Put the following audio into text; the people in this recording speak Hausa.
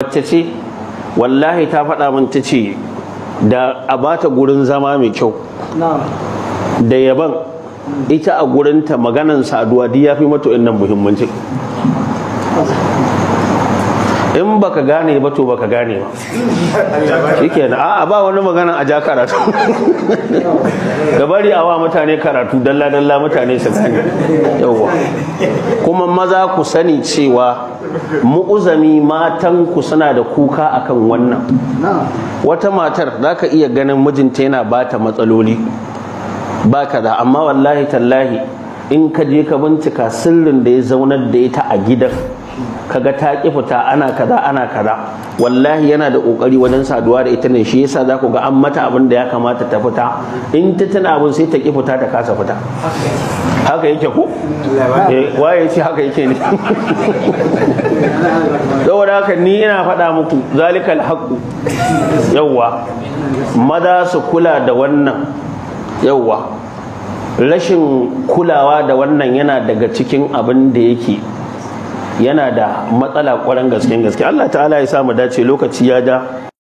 wacce ce wallahi ta faɗa min ta ce da a bata gurin zama mai kyau da yaban ita a gurinta maganan saduwa duk ya fi mata nan muhimmanci in baka gane ba to baka gane ba shikenan a'a ba wani magana a ja karatu da bari awa mutane karatu dalla dalla mutane su gane kuma maza ku sani cewa mu'uzami matan ku suna da kuka akan wannan wata matar zaka iya ganin mijinta yana bata matsaloli ba kaza amma wallahi tallahi in ka je ka bincika sirrin da ya zaunar da ita a gidan kaga ta ki fita ana kaza ana kaza wallahi yana da kokari wajen saduwa da ita ne shi yasa za ku ga an mata abin da ya kamata ta fita in ta tana abin sai ta ki fita ta kasa fita haka yake ko eh, waye ce haka yake ne saboda haka ni ina faɗa muku zalikal haqqu yawwa maza su kula da wannan yawwa rashin kulawa da wannan yana daga cikin abin da yake yana da matsala kwarin gaske gaske Allah ta'ala ya sa mu dace lokaci ya ja